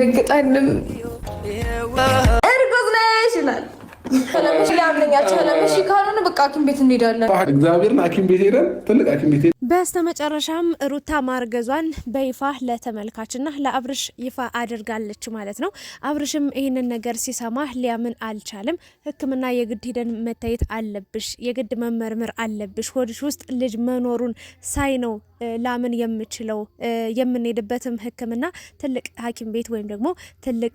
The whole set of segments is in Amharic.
ደንግጣልም እርጉዝ ነሽ ይላል። ህለምሽ ሊያምነኛቸው ህለምሽ ካልሆነ በቃ ሐኪም ቤት እንሄዳለን። እግዚአብሔርን ሐኪም ቤት ሄደን ትልቅ ሐኪም ቤት በስተመጨረሻም ሩታ ማርገዟን በይፋ ለተመልካችና ለአብርሽ ይፋ አድርጋለች ማለት ነው። አብርሽም ይህንን ነገር ሲሰማ ሊያምን አልቻለም። ሕክምና የግድ ሂደን መታየት አለብሽ፣ የግድ መመርመር አለብሽ፣ ሆድሽ ውስጥ ልጅ መኖሩን ሳይ ነው ላምን የምችለው የምንሄድበትም ህክምና ትልቅ ሐኪም ቤት ወይም ደግሞ ትልቅ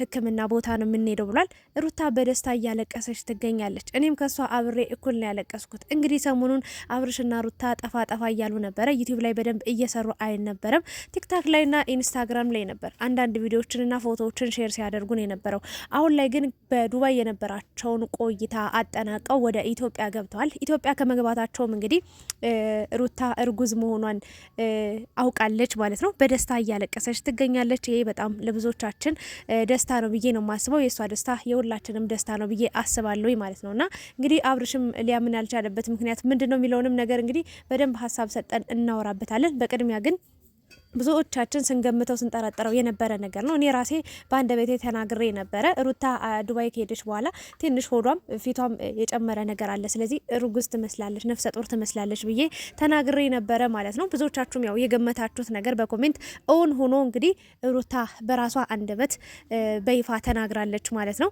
ህክምና ቦታ ነው የምንሄደው ብሏል። ሩታ በደስታ እያለቀሰች ትገኛለች። እኔም ከሷ አብሬ እኩል ነው ያለቀስኩት። እንግዲህ ሰሞኑን አብርሽና ሩታ ጠፋ ጠፋ እያሉ ነበረ። ዩቲዩብ ላይ በደንብ እየሰሩ አይነበረም። ቲክታክ ላይና ኢንስታግራም ላይ ነበር አንዳንድ ቪዲዮዎችንና ፎቶዎችን ሼር ሲያደርጉ ነው የነበረው። አሁን ላይ ግን በዱባይ የነበራቸውን ቆይታ አጠናቀው ወደ ኢትዮጵያ ገብተዋል። ኢትዮጵያ ከመግባታቸውም እንግዲህ ሩታ እርጉዝ መሆ መሆኗን አውቃለች ማለት ነው። በደስታ እያለቀሰች ትገኛለች። ይሄ በጣም ለብዙዎቻችን ደስታ ነው ብዬ ነው የማስበው። የእሷ ደስታ የሁላችንም ደስታ ነው ብዬ አስባለሁ ማለት ነው። እና እንግዲህ አብርሽም ሊያምን ያልቻለበት ምክንያት ምንድን ነው የሚለውንም ነገር እንግዲህ በደንብ ሀሳብ ሰጠን እናወራበታለን። በቅድሚያ ግን ብዙዎቻችን ስንገምተው ስንጠረጠረው የነበረ ነገር ነው። እኔ ራሴ በአንድ ቤቴ ተናግሬ ነበረ። ሩታ ዱባይ ከሄደች በኋላ ትንሽ ሆዷም ፊቷም የጨመረ ነገር አለ፣ ስለዚህ ርጉዝ ትመስላለች፣ ነፍሰ ጡር ትመስላለች ብዬ ተናግሬ ነበረ ማለት ነው። ብዙዎቻችሁም ያው የገመታችሁት ነገር በኮሜንት እውን ሆኖ እንግዲህ ሩታ በራሷ አንደበት በይፋ ተናግራለች ማለት ነው።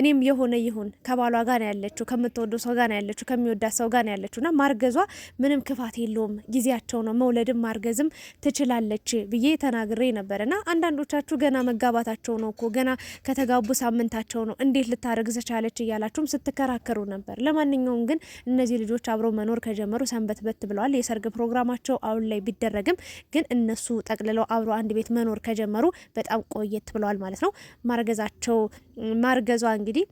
እኔም የሆነ ይሁን ከባሏ ጋር ነው ያለችው፣ ከምትወደው ሰው ጋር ነው ያለችው፣ ከሚወዳት ሰው ጋር ነው ያለችው እና ማርገዟ ምንም ክፋት የለውም። ጊዜያቸው ነው መውለድም ማርገዝም ትችላለች ትችላለች ብዬ ተናግሬ ነበር እና አንዳንዶቻችሁ ገና መጋባታቸው ነው እኮ ገና ከተጋቡ ሳምንታቸው ነው እንዴት ልታረግዝ ቻለች እያላችሁም ስትከራከሩ ነበር። ለማንኛውም ግን እነዚህ ልጆች አብረ መኖር ከጀመሩ ሰንበት በት ብለዋል። የሰርግ ፕሮግራማቸው አሁን ላይ ቢደረግም ግን እነሱ ጠቅልለው አብሮ አንድ ቤት መኖር ከጀመሩ በጣም ቆየት ብለዋል ማለት ነው። ማርገዛቸው ማርገዟ እንግዲህ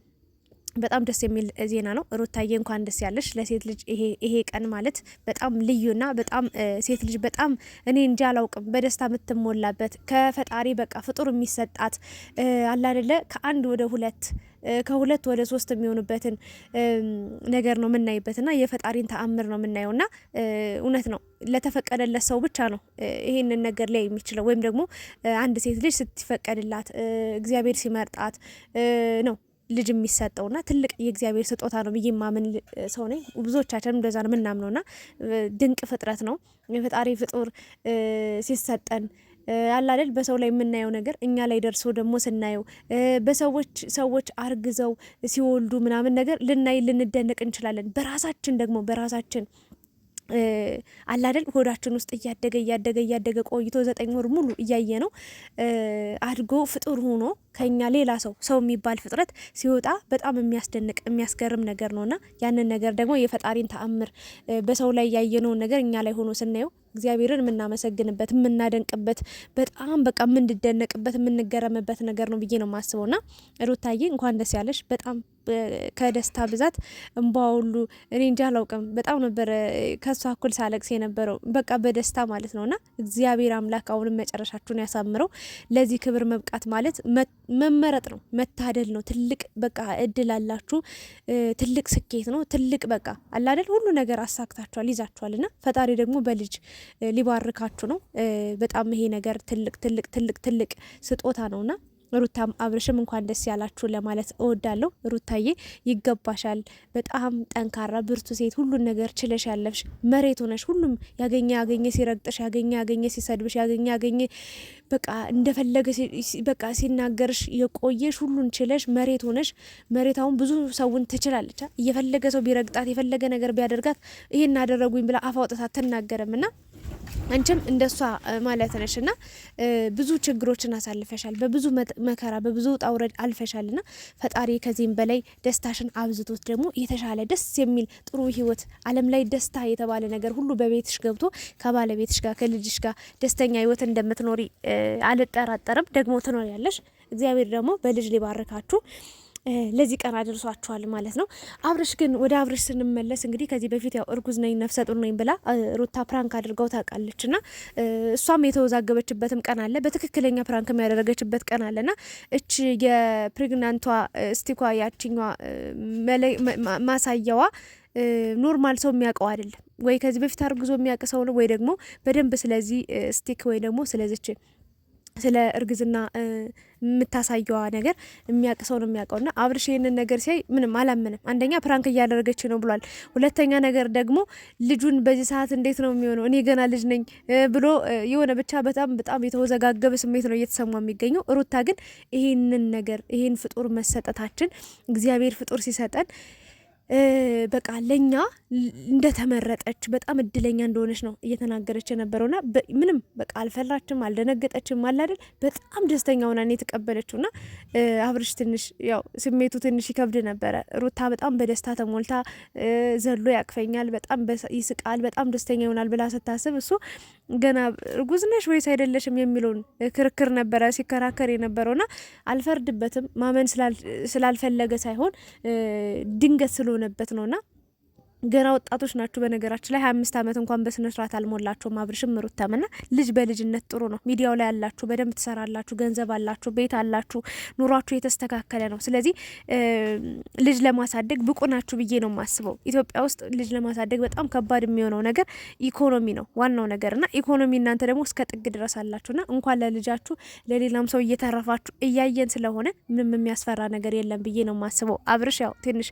በጣም ደስ የሚል ዜና ነው። ሩታዬ እንኳን ደስ ያለሽ። ለሴት ልጅ ይሄ ቀን ማለት በጣም ልዩና በጣም ሴት ልጅ በጣም እኔ እንጃ አላውቅም በደስታ የምትሞላበት ከፈጣሪ በቃ ፍጡር የሚሰጣት አላደለ ከአንድ ወደ ሁለት ከሁለት ወደ ሶስት የሚሆኑበትን ነገር ነው የምናይበትና የፈጣሪን ተአምር ነው የምናየውና እውነት ነው። ለተፈቀደለት ሰው ብቻ ነው ይሄንን ነገር ላይ የሚችለው ወይም ደግሞ አንድ ሴት ልጅ ስትፈቀድላት እግዚአብሔር ሲመርጣት ነው ልጅ የሚሰጠውና ትልቅ የእግዚአብሔር ስጦታ ነው ብዬ ማምን ሰው ነኝ። ብዙዎቻችንም እንደዛ ነው የምናምነውና ድንቅ ፍጥረት ነው የፈጣሪ ፍጡር ሲሰጠን አላደል በሰው ላይ የምናየው ነገር እኛ ላይ ደርሶ ደግሞ ስናየው በሰዎች ሰዎች አርግዘው ሲወልዱ ምናምን ነገር ልናይ ልንደነቅ እንችላለን። በራሳችን ደግሞ በራሳችን አላደል ሆዳችን ውስጥ እያደገ እያደገ እያደገ ቆይቶ ዘጠኝ ወር ሙሉ እያየ ነው አድጎ ፍጡር ሆኖ ከኛ ሌላ ሰው ሰው የሚባል ፍጥረት ሲወጣ በጣም የሚያስደንቅ የሚያስገርም ነገር ነውና ያንን ነገር ደግሞ የፈጣሪን ተአምር በሰው ላይ ያየነውን ነገር እኛ ላይ ሆኖ ስናየው እግዚአብሔርን የምናመሰግንበት የምናደንቅበት በጣም በቃ የምንደነቅበት የምንገረምበት ነገር ነው ብዬ ነው ና ሩታዬ እንኳን ደስ ያለሽ በጣም ከደስታ ብዛት እንባ ሁሉ እኔ እንጃ አላውቅም። በጣም ነበረ ከሷ እኩል ሳለቅስ የነበረው በቃ በደስታ ማለት ነውና እግዚአብሔር አምላክ አሁንም መጨረሻችሁን ያሳምረው። ለዚህ ክብር መብቃት ማለት መመረጥ ነው፣ መታደል ነው። ትልቅ በቃ እድል አላችሁ፣ ትልቅ ስኬት ነው። ትልቅ በቃ አላደል ሁሉ ነገር አሳክታችኋል፣ ይዛችኋልና ፈጣሪ ደግሞ በልጅ ሊባርካችሁ ነው። በጣም ይሄ ነገር ትልቅ ትልቅ ትልቅ ትልቅ ስጦታ ነውና ሩታም አብርሽም እንኳን ደስ ያላችሁ ለማለት እወዳለሁ። ሩታዬ ይገባሻል። በጣም ጠንካራ ብርቱ ሴት፣ ሁሉን ነገር ችለሽ ያለፍሽ መሬት ሆነሽ ሁሉም ያገኘ ያገኘ ሲረግጥሽ፣ ያገኘ ያገኘ ሲሰድብሽ፣ ያገኘ ያገኘ በቃ እንደፈለገ በቃ ሲናገርሽ የቆየሽ ሁሉን ችለሽ መሬት ሆነሽ መሬት አሁን ብዙ ሰውን ትችላለች። እየፈለገ ሰው ቢረግጣት የፈለገ ነገር ቢያደርጋት ይሄን አደረጉኝ ብላ አፍ አውጥታ አትናገርም ና አንቺም እንደሷ ማለት ነሽ እና ብዙ ችግሮችን አሳልፈሻል። በብዙ መከራ በብዙ ውጣ ውረድ ና ፈጣሪ ከዚህም በላይ ደስታሽን አብዝቶት ደግሞ የተሻለ ደስ የሚል ጥሩ ህይወት አለም ላይ ደስታ የተባለ ነገር ሁሉ በቤትሽ ገብቶ ከባለቤትሽ ጋር ከልጅሽ ጋር ደስተኛ ህይወት እንደምትኖሪ አልጠራጠርም። ደግሞ ትኖሪያለሽ። እግዚአብሔር ደግሞ በልጅ ሊባርካችሁ ለዚህ ቀን አድርሷችኋል ማለት ነው። አብርሽ ግን ወደ አብርሽ ስንመለስ እንግዲህ ከዚህ በፊት ያው እርጉዝ ነኝ ነፍሰ ጡር ነኝ ብላ ሩታ ፕራንክ አድርገው ታውቃለች ና እሷም የተወዛገበችበትም ቀን አለ፣ በትክክለኛ ፕራንክ የሚያደረገችበት ቀን አለ ና እች የፕሬግናንቷ ስቲኳ ያችኛ ማሳያዋ ኖርማል ሰው የሚያውቀው አይደለም ወይ ከዚህ በፊት አርግዞ የሚያውቅ ሰው ነው ወይ ደግሞ በደንብ ስለዚህ ስቲክ ወይ ደግሞ ስለዚች ስለ እርግዝና የምታሳየዋ ነገር የሚያውቅ ሰው ነው የሚያውቀው። ና አብርሽ ይህንን ነገር ሲያይ ምንም አላምንም። አንደኛ ፕራንክ እያደረገች ነው ብሏል። ሁለተኛ ነገር ደግሞ ልጁን በዚህ ሰዓት እንዴት ነው የሚሆነው እኔ ገና ልጅ ነኝ ብሎ የሆነ ብቻ በጣም በጣም የተወዘጋገበ ስሜት ነው እየተሰማ የሚገኘው። ሩታ ግን ይህንን ነገር ይህን ፍጡር መሰጠታችን እግዚአብሔር ፍጡር ሲሰጠን በቃ ለእኛ እንደተመረጠች በጣም እድለኛ እንደሆነች ነው እየተናገረች የነበረውና ምንም በቃ አልፈራችም፣ አልደነገጠችም። አላደል በጣም ደስተኛ ሆና ነው የተቀበለችውና አብርሽ ትንሽ ያው ስሜቱ ትንሽ ይከብድ ነበረ። ሩታ በጣም በደስታ ተሞልታ ዘሎ ያቅፈኛል፣ በጣም ይስቃል፣ በጣም ደስተኛ ይሆናል ብላ ስታስብ እሱ ገና እርጉዝ ነሽ ወይስ አይደለሽም የሚለውን ክርክር ነበረ ሲከራከር የነበረውና አልፈርድበትም። ማመን ስላልፈለገ ሳይሆን ድንገት ስለሆነበት ነውና ገና ወጣቶች ናችሁ። በነገራችን ላይ ሀያ አምስት ዓመት እንኳን በስነ ስርዓት አልሞላቸውም። አብርሽም ሩታም ልጅ በልጅነት ጥሩ ነው። ሚዲያው ላይ ያላችሁ በደንብ ትሰራላችሁ፣ ገንዘብ አላችሁ፣ ቤት አላችሁ፣ ኑሯችሁ የተስተካከለ ነው። ስለዚህ ልጅ ለማሳደግ ብቁ ናችሁ ብዬ ነው የማስበው። ኢትዮጵያ ውስጥ ልጅ ለማሳደግ በጣም ከባድ የሚሆነው ነገር ኢኮኖሚ ነው ዋናው ነገር ና ኢኮኖሚ እናንተ ደግሞ እስከ ጥግ ድረስ አላችሁና እንኳን ለልጃችሁ ለሌላም ሰው እየተረፋችሁ እያየን ስለሆነ ምንም የሚያስፈራ ነገር የለም ብዬ ነው የማስበው። አብርሽ ያው ትንሽ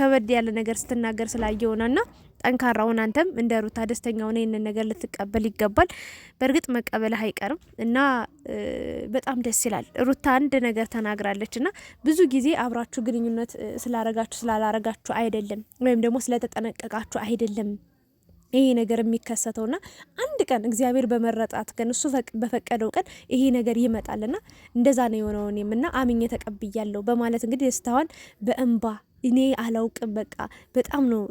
ከበድ ያለ ነገር ስትናገር ስላየው ሆነና ጠንካራውን አንተም እንደ ሩታ ደስተኛ ሆነ ይህንን ነገር ልትቀበል ይገባል። በእርግጥ መቀበልህ አይቀርም እና በጣም ደስ ይላል። ሩታ አንድ ነገር ተናግራለች እና ብዙ ጊዜ አብራችሁ ግንኙነት ስላረጋችሁ ስላላረጋችሁ አይደለም ወይም ደግሞ ስለተጠነቀቃችሁ አይደለም ይሄ ነገር የሚከሰተው ና አንድ ቀን እግዚአብሔር በመረጣት ቀን እሱ በፈቀደው ቀን ይሄ ነገር ይመጣልና እንደዛ ነው የሆነውን የምና አምኜ ተቀብያለሁ በማለት እንግዲህ ደስታዋን በእንባ እኔ አላውቅም። በቃ በጣም ነው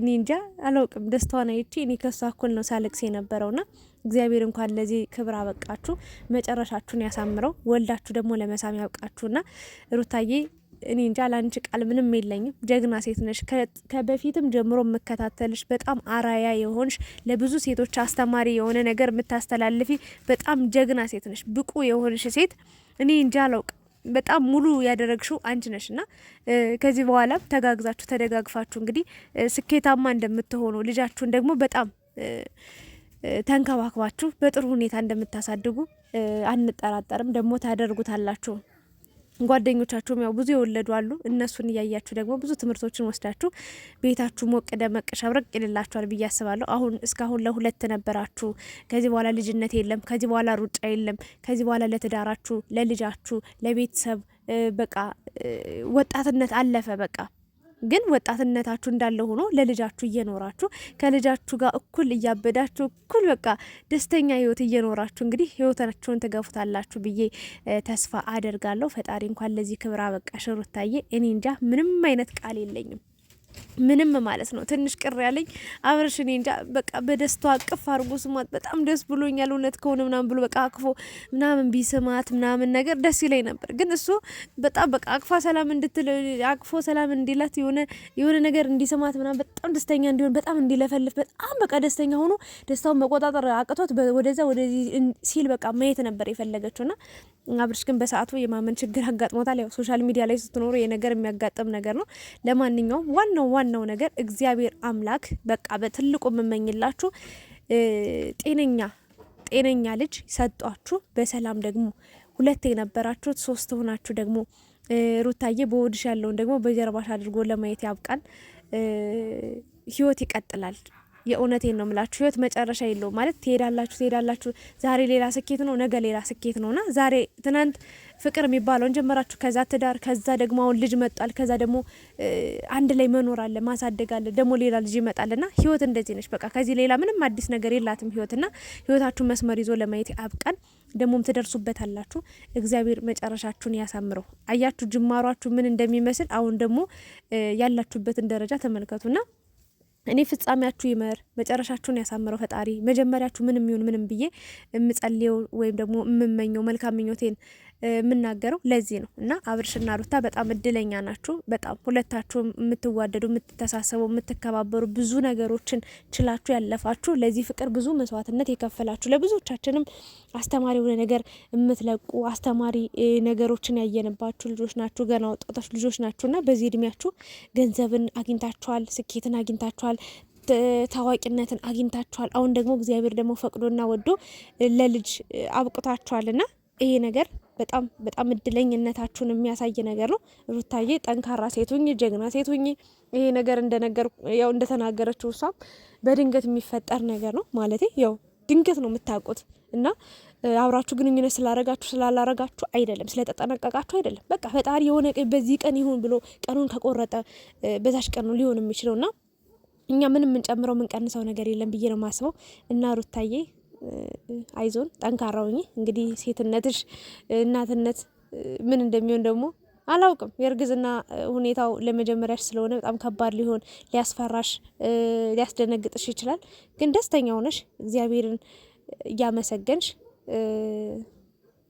እኔ እንጃ አላውቅም። ደስታዋን አይቼ እኔ ከሷ እኩል ነው ሳለቅስ የነበረውና እግዚአብሔር እንኳን ለዚህ ክብር አበቃችሁ፣ መጨረሻችሁን ያሳምረው፣ ወልዳችሁ ደግሞ ለመሳም ያብቃችሁና ሩታዬ እኔ እንጃ ለአንቺ ቃል ምንም የለኝም። ጀግና ሴት ነሽ። ከበፊትም ጀምሮ የምከታተልሽ በጣም አራያ የሆንሽ ለብዙ ሴቶች አስተማሪ የሆነ ነገር የምታስተላልፊ በጣም ጀግና ሴት ነሽ። ብቁ የሆንሽ ሴት እኔ እንጃ አላውቅም በጣም ሙሉ ያደረግሽው አንቺ ነሽ እና ከዚህ በኋላም ተጋግዛችሁ ተደጋግፋችሁ እንግዲህ ስኬታማ እንደምትሆኑ ልጃችሁን ደግሞ በጣም ተንከባክባችሁ በጥሩ ሁኔታ እንደምታሳድጉ አንጠራጠርም። ደግሞ ታደርጉታላችሁ። ጓደኞቻችሁም ያው ብዙ የወለዱ አሉ። እነሱን እያያችሁ ደግሞ ብዙ ትምህርቶችን ወስዳችሁ ቤታችሁ ሞቅ ደመቅ ሸብረቅ ይልላችኋል ብዬ አስባለሁ። አሁን እስካሁን ለሁለት ነበራችሁ። ከዚህ በኋላ ልጅነት የለም። ከዚህ በኋላ ሩጫ የለም። ከዚህ በኋላ ለትዳራችሁ፣ ለልጃችሁ፣ ለቤተሰብ በቃ ወጣትነት አለፈ በቃ ግን ወጣትነታችሁ እንዳለ ሆኖ ለልጃችሁ እየኖራችሁ ከልጃችሁ ጋር እኩል እያበዳችሁ እኩል በቃ ደስተኛ ህይወት እየኖራችሁ እንግዲህ ህይወታችሁን ትገፉታላችሁ ብዬ ተስፋ አደርጋለሁ። ፈጣሪ እንኳን ለዚህ ክብር አበቃሽ ሩታዬ። እኔ እንጃ ምንም አይነት ቃል የለኝም። ምንም ማለት ነው። ትንሽ ቅር ያለኝ አብረሽ እኔ እንጃ በቃ በደስታ አቅፍ አድርጎ ስሟት በጣም ደስ ብሎኛል እውነት ከሆነ ምናምን ብሎ በቃ አቅፎ ምናምን ቢስማት ምናምን ነገር ደስ ይለኝ ነበር። ግን እሱ በጣም በቃ አቅፋ ሰላም እንድትል አቅፎ ሰላም እንዲላት የሆነ የሆነ ነገር እንዲስማት ምናምን በጣም ደስተኛ እንዲሆን በጣም እንዲለፈልፍ በጣም በቃ ደስተኛ ሆኖ ደስታውን መቆጣጠር አቅቶት ወደዛ ወደዚህ ሲል በቃ ማየት ነበር የፈለገችው ና አብርሽ ግን በሰዓቱ የማመን ችግር አጋጥሞታል። ያው ሶሻል ሚዲያ ላይ ስትኖሩ የነገር የሚያጋጥም ነገር ነው። ለማንኛውም ዋናው ዋናው ዋናው ነገር እግዚአብሔር አምላክ በቃ በትልቁ የምመኝላችሁ ጤነኛ ጤነኛ ልጅ ሰጧችሁ። በሰላም ደግሞ ሁለት የነበራችሁት ሶስት ሆናችሁ ደግሞ ሩታዬ በወድሽ ያለውን ደግሞ በጀርባሽ አድርጎ ለማየት ያብቃን። ህይወት ይቀጥላል። የእውነቴን ነው ምላችሁ፣ ህይወት መጨረሻ የለው ማለት ትሄዳላችሁ ትሄዳላችሁ። ዛሬ ሌላ ስኬት ነው፣ ነገ ሌላ ስኬት ነው ና ዛሬ ትናንት ፍቅር የሚባለውን ጀመራችሁ፣ ከዛ ትዳር፣ ከዛ ደግሞ አሁን ልጅ መጧል፣ ከዛ ደግሞ አንድ ላይ መኖር አለ፣ ማሳደግ አለ፣ ደግሞ ሌላ ልጅ ና ህይወት እንደዚህ ነች። በቃ ከዚህ ሌላ ምንም አዲስ ነገር የላትም ና ህይወታችሁን መስመር ይዞ ለማየት አብቃን። ደግሞም ትደርሱበታላችሁ። እግዚአብሔር መጨረሻችሁን ያሳምረው። አያችሁ ጅማሯችሁ ምን እንደሚመስል። አሁን ደግሞ ያላችሁበትን ደረጃ ተመልከቱና እኔ ፍጻሜያችሁ ይመር መጨረሻችሁን ያሳምረው ፈጣሪ መጀመሪያችሁ ምንም ይሁን ምንም ብዬ የምጸልየው ወይም ደግሞ የምመኘው መልካም ምኞቴን የምናገረው ለዚህ ነው እና አብርሽና ሩታ በጣም እድለኛ ናችሁ። በጣም ሁለታችሁ የምትዋደዱ፣ የምትተሳሰቡ፣ የምትከባበሩ ብዙ ነገሮችን ችላችሁ ያለፋችሁ ለዚህ ፍቅር ብዙ መስዋዕትነት የከፈላችሁ ለብዙዎቻችንም አስተማሪ የሆነ ነገር የምትለቁ አስተማሪ ነገሮችን ያየንባችሁ ልጆች ናችሁ። ገና ወጣቶች ልጆች ናችሁ እና በዚህ እድሜያችሁ ገንዘብን አግኝታችኋል፣ ስኬትን አግኝታችኋል ታዋቂነትን አግኝታችኋል። አሁን ደግሞ እግዚአብሔር ደግሞ ፈቅዶና ወዶ ለልጅ እና ይሄ ነገር በጣም በጣም እድለኝነታችሁን የሚያሳይ ነገር ነው። ሩታዬ ጠንካራ ሴቱኝ፣ ጀግና ሴቱኝ። ይሄ ነገር እንደነገር ያው እንደተናገረችው እሷም በድንገት የሚፈጠር ነገር ነው ማለት ያው ድንገት ነው የምታውቁት እና አብራችሁ ግንኙነት ስላረጋችሁ ስላላረጋችሁ አይደለም፣ ስለተጠነቀቃችሁ አይደለም። በቃ ፈጣሪ የሆነ በዚህ ቀን ይሁን ብሎ ቀኑን ከቆረጠ በዛች ቀን ነው ሊሆን የሚችለው እና እኛ ምንም የምንጨምረው የምንቀንሰው ነገር የለም ብዬ ነው የማስበው እና ሩታዬ አይዞን፣ ጠንካራ ሁኚ። እንግዲህ ሴትነትሽ እናትነት ምን እንደሚሆን ደግሞ አላውቅም። የእርግዝና ሁኔታው ለመጀመሪያሽ ስለሆነ በጣም ከባድ ሊሆን ሊያስፈራሽ፣ ሊያስደነግጥሽ ይችላል። ግን ደስተኛ ሆነሽ እግዚአብሔርን እያመሰገንሽ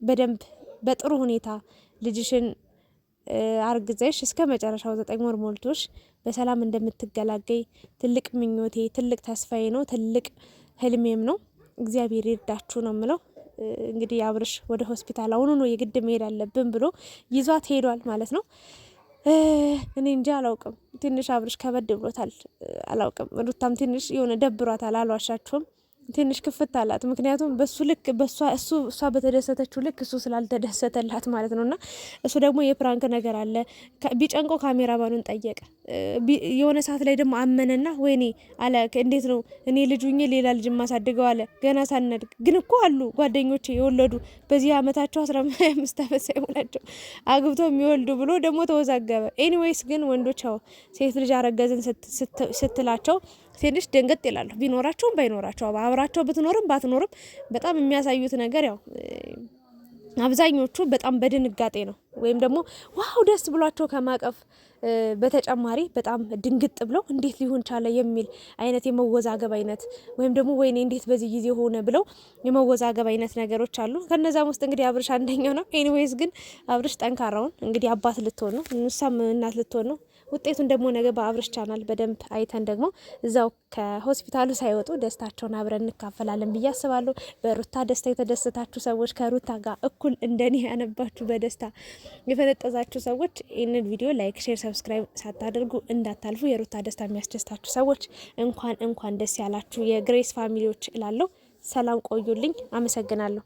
በደንብ በጥሩ ሁኔታ ልጅሽን አርግዘሽ እስከ መጨረሻው ዘጠኝ ወር ሞልቶሽ በሰላም እንደምትገላገይ ትልቅ ምኞቴ፣ ትልቅ ተስፋዬ ነው፣ ትልቅ ህልሜም ነው። እግዚአብሔር ይርዳችሁ ነው ምለው። እንግዲህ አብርሽ ወደ ሆስፒታል አሁኑ ነው የግድ መሄድ አለብን ብሎ ይዟት ሄዷል ማለት ነው። እኔ እንጂ አላውቅም። ትንሽ አብርሽ ከበድ ብሎታል። አላውቅም ሩታም ትንሽ የሆነ ደብሯታል። አልዋሻችሁም። ትንሽ ክፍት አላት። ምክንያቱም በሱ ልክ በሷ እሱ እሷ በተደሰተችው ልክ እሱ ስላልተደሰተላት ማለት ነውና እሱ ደግሞ የፕራንክ ነገር አለ ቢጨንቆ ካሜራ ባኑን ጠየቀ። የሆነ ሰዓት ላይ ደግሞ አመነና ወይኔ አለ እንዴት ነው እኔ ልጁኝ ሌላ ልጅ ማሳድገው አለ ገና ሳነድግ። ግን እኮ አሉ ጓደኞች የወለዱ በዚህ አመታቸው አስራ አምስት አመት ሳይሆናቸው አግብቶ የሚወልዱ ብሎ ደግሞ ተወዛገበ። ኤኒዌይስ ግን ወንዶች ሴት ልጅ አረገዝን ስትላቸው ትንሽ ደንገጥ ይላሉ። ቢኖራቸውም ባይኖራቸው አብራቸው ብትኖርም ባትኖርም በጣም የሚያሳዩት ነገር ያው አብዛኞቹ በጣም በድንጋጤ ነው ወይም ደግሞ ዋው ደስ ብሏቸው ከማቀፍ በተጨማሪ በጣም ድንግጥ ብለው እንዴት ሊሆን ቻለ የሚል አይነት የመወዛገብ አይነት ወይም ደግሞ ወይኔ እንዴት በዚህ ጊዜ ሆነ ብለው የመወዛገብ አይነት ነገሮች አሉ። ከነዛም ውስጥ እንግዲህ አብርሽ አንደኛው ነው። ኤኒዌይስ ግን አብርሽ ጠንካራውን እንግዲህ አባት ልትሆን ነው፣ እሷም እናት ልትሆን ነው። ውጤቱን ደግሞ ነገ በአብርሽ ቻናል በደንብ አይተን ደግሞ እዛው ከሆስፒታሉ ሳይወጡ ደስታቸውን አብረን እንካፈላለን ብዬ አስባለሁ። በሩታ ደስታ የተደሰታችሁ ሰዎች ከሩታ ጋር እኩል እንደኔ ያነባችሁ በደስታ የፈነጠዛችሁ ሰዎች ይህንን ቪዲዮ ላይክ፣ ሼር፣ ሰብስክራይብ ሳታደርጉ እንዳታልፉ። የሩታ ደስታ የሚያስደስታችሁ ሰዎች እንኳን እንኳን ደስ ያላችሁ የግሬስ ፋሚሊዎች እላለሁ። ሰላም ቆዩልኝ። አመሰግናለሁ።